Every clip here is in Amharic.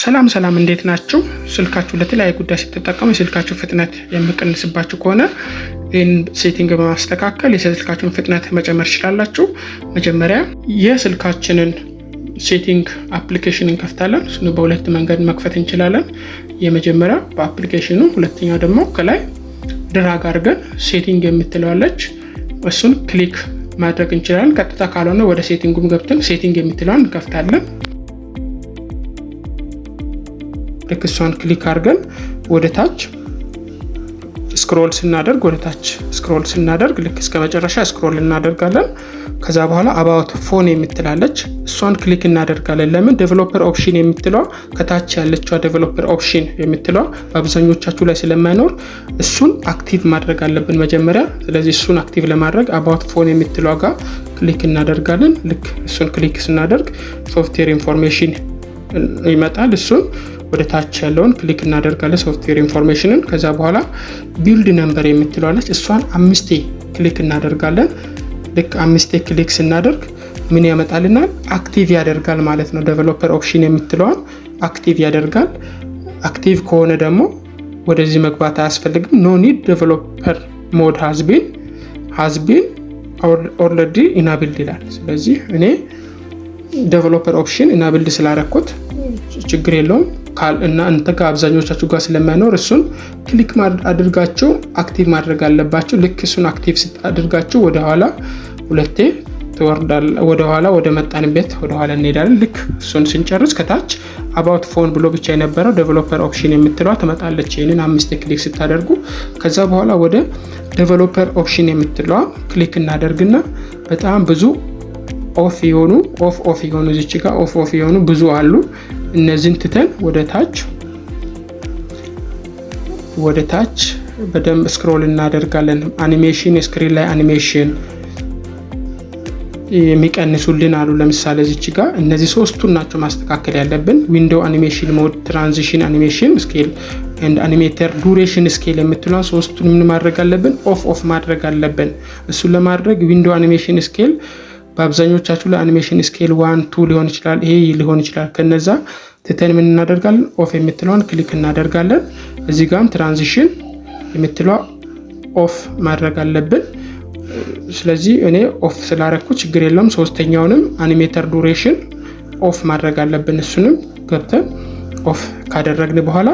ሰላም ሰላም፣ እንዴት ናችሁ? ስልካችሁ ለተለያየ ጉዳይ ስትጠቀሙ የስልካችሁ ፍጥነት የሚቀንስባችሁ ከሆነ ይህን ሴቲንግ በማስተካከል የስልካችሁን ፍጥነት መጨመር ትችላላችሁ። መጀመሪያ የስልካችንን ሴቲንግ አፕሊኬሽን እንከፍታለን። እሱን በሁለት መንገድ መክፈት እንችላለን። የመጀመሪያ በአፕሊኬሽኑ፣ ሁለተኛው ደግሞ ከላይ ድራግ አድርገን ሴቲንግ የምትለዋለች እሱን ክሊክ ማድረግ እንችላለን። ቀጥታ ካልሆነ ወደ ሴቲንጉም ገብተን ሴቲንግ የምትለዋን እንከፍታለን። ልክ እሷን ክሊክ አድርገን ወደ ታች ስክሮል ስናደርግ ወደ ታች ስክሮል ስናደርግ ልክ እስከ መጨረሻ ስክሮል እናደርጋለን። ከዛ በኋላ አባውት ፎን የምትላለች እሷን ክሊክ እናደርጋለን። ለምን ዴቨሎፐር ኦፕሽን የምትለዋ ከታች ያለችዋ ዴቨሎፐር ኦፕሽን የምትለዋ በአብዛኞቻችሁ ላይ ስለማይኖር እሱን አክቲቭ ማድረግ አለብን መጀመሪያ። ስለዚህ እሱን አክቲቭ ለማድረግ አባውት ፎን የምትለዋ ጋር ክሊክ እናደርጋለን። ልክ እሱን ክሊክ ስናደርግ ሶፍትዌር ኢንፎርሜሽን ይመጣል። እሱን ወደ ታች ያለውን ክሊክ እናደርጋለን ሶፍትዌር ኢንፎርሜሽንን። ከዛ በኋላ ቢልድ ነምበር የምትለዋለች እሷን አምስቴ ክሊክ እናደርጋለን። ልክ አምስቴ ክሊክ ስናደርግ ምን ያመጣልናል? አክቲቭ ያደርጋል ማለት ነው። ዴቨሎፐር ኦፕሽን የምትለዋን አክቲቭ ያደርጋል። አክቲቭ ከሆነ ደግሞ ወደዚህ መግባት አያስፈልግም። ኖ ኒድ ዴቨሎፐር ሞድ ሀዝቢን ሀዝቢን ኦልሬዲ ኢናቢልድ ይላል። ስለዚህ እኔ ዴቨሎፐር ኦፕሽን ኢናቢልድ ስላረኩት ችግር የለውም። እንተ ከአብዛኞቻችሁ ጋር ስለማይኖር እሱን ክሊክ አድርጋችሁ አክቲቭ ማድረግ አለባችሁ። ልክ እሱን አክቲቭ ስታደርጋችሁ ወደኋላ ሁለቴ ወደኋላ ወደ መጣንበት ወደኋላ እንሄዳለን። ልክ እሱን ስንጨርስ ከታች አባውት ፎን ብሎ ብቻ የነበረው ዴቨሎፐር ኦፕሽን የምትለዋ ትመጣለች። ይህንን አምስት ክሊክ ስታደርጉ ከዛ በኋላ ወደ ዴቨሎፐር ኦፕሽን የምትለዋ ክሊክ እናደርግና በጣም ብዙ ኦፍ የሆኑ ኦፍ ኦፍ የሆኑ እዚች ጋር ኦፍ ኦፍ የሆኑ ብዙ አሉ። እነዚህን ትተን ወደ ታች ወደ ታች በደንብ ስክሮል እናደርጋለን። አኒሜሽን ስክሪን ላይ አኒሜሽን የሚቀንሱልን አሉ። ለምሳሌ እዚች ጋር እነዚህ ሶስቱን ናቸው ማስተካከል ያለብን። ዊንዶው አኒሜሽን ሞድ፣ ትራንዚሽን አኒሜሽን ስኬል ኤንድ አኒሜተር ዱሬሽን ስኬል የምትሏን ሶስቱን ምን ማድረግ አለብን? ኦፍ ኦፍ ማድረግ አለብን። እሱን ለማድረግ ዊንዶው አኒሜሽን ስኬል በአብዛኞቻችሁ ለአኒሜሽን ስኬል ዋን ቱ ሊሆን ይችላል። ይሄ ሊሆን ይችላል። ከነዛ ትተን ምን እናደርጋለን? ኦፍ የምትለዋን ክሊክ እናደርጋለን። እዚህ ጋም ትራንዚሽን የምትለዋ ኦፍ ማድረግ አለብን። ስለዚህ እኔ ኦፍ ስላረግኩ ችግር የለውም። ሶስተኛውንም አኒሜተር ዱሬሽን ኦፍ ማድረግ አለብን። እሱንም ገብተን ኦፍ ካደረግን በኋላ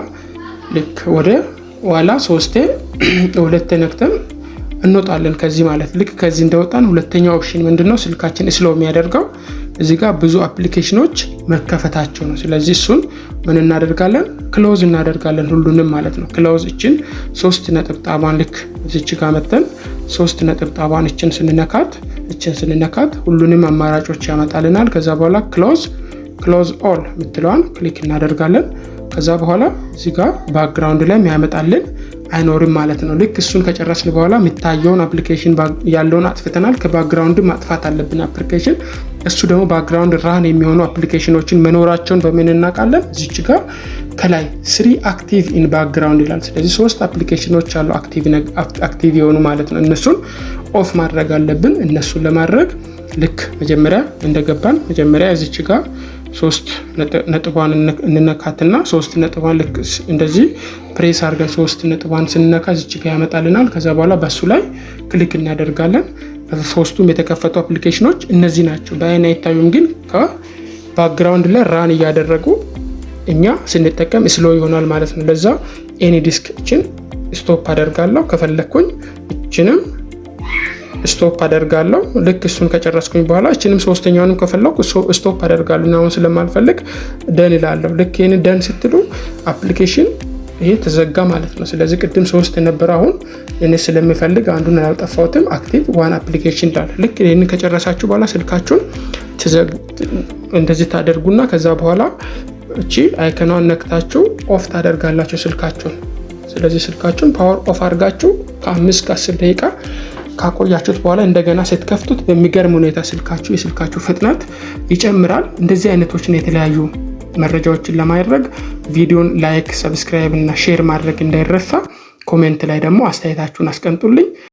ልክ ወደ ኋላ ሶስቴ ሁለቴ ነክተን እንወጣለን ከዚህ ማለት ልክ ከዚህ እንደወጣን ሁለተኛው ኦፕሽን ምንድነው ነው? ስልካችን ስሎ የሚያደርገው እዚህ ጋር ብዙ አፕሊኬሽኖች መከፈታቸው ነው። ስለዚህ እሱን ምን እናደርጋለን? ክሎዝ እናደርጋለን ሁሉንም ማለት ነው። ክሎዝ እችን ሶስት ነጥብ ልክ እዚች ጋር መተን ሶስት ነጥብ እችን ስንነካት እችን ስንነካት ሁሉንም አማራጮች ያመጣልናል። ከዛ በኋላ ክሎዝ ክሎዝ ኦል የምትለዋን ክሊክ እናደርጋለን። ከዛ በኋላ እዚህ ጋር ባክግራውንድ ላይ የሚያመጣልን አይኖርም ማለት ነው። ልክ እሱን ከጨረስን በኋላ የሚታየውን አፕሊኬሽን ያለውን አጥፍተናል። ከባክግራውንድ ማጥፋት አለብን አፕሊኬሽን። እሱ ደግሞ ባክግራውንድ ራን የሚሆኑ አፕሊኬሽኖችን መኖራቸውን በምን እናውቃለን? እዚች ጋር ከላይ ስሪ አክቲቭ ኢን ባክግራውንድ ይላል። ስለዚህ ሶስት አፕሊኬሽኖች አሉ አክቲቭ የሆኑ ማለት ነው። እነሱን ኦፍ ማድረግ አለብን። እነሱን ለማድረግ ልክ መጀመሪያ እንደገባን መጀመሪያ እዚች ጋር ሶስት ነጥቧን እንነካትና ሶስት ነጥቧን ልክ እንደዚህ ፕሬስ አድርገን ሶስት ነጥቧን ስንነካ እዚች ጋ ያመጣልናል። ከዛ በኋላ በሱ ላይ ክሊክ እናደርጋለን። ሶስቱም የተከፈቱ አፕሊኬሽኖች እነዚህ ናቸው። በአይን አይታዩም፣ ግን ከባክግራውንድ ላይ ራን እያደረጉ እኛ ስንጠቀም ስሎ ይሆናል ማለት ነው። ለዛ ኤኒ ዲስክ እችን ስቶፕ አደርጋለሁ። ከፈለግኩኝ እችንም ስቶፕ አደርጋለሁ። ልክ እሱን ከጨረስኩኝ በኋላ እችንም ሶስተኛውንም ከፈለኩ ስቶፕ አደርጋለሁ። አሁን ስለማልፈልግ ደን ይላለሁ ልክ ይህን ደን ስትሉ አፕሊኬሽን ይሄ ተዘጋ ማለት ነው። ስለዚህ ቅድም ሶስት የነበረ አሁን እኔ ስለሚፈልግ አንዱን ያልጠፋሁትም አክቲቭ ዋን አፕሊኬሽን እንዳለ ልክ ይህን ከጨረሳችሁ በኋላ ስልካችሁን እንደዚህ ታደርጉና ከዛ በኋላ እቺ አይከኗን ነክታችሁ ኦፍ ታደርጋላችሁ ስልካችሁን። ስለዚህ ስልካችሁን ፓወር ኦፍ አድርጋችሁ ከአምስት ከአስር ደቂቃ ካቆያችሁት በኋላ እንደገና ስትከፍቱት በሚገርም ሁኔታ ስልካችሁ የስልካችሁ ፍጥነት ይጨምራል። እንደዚህ ነው የተለያዩ መረጃዎችን ለማድረግ ቪዲዮን ላይክ፣ ሰብስክራይብ እና ሼር ማድረግ እንዳይረሳ። ኮሜንት ላይ ደግሞ አስተያየታችሁን አስቀምጡልኝ።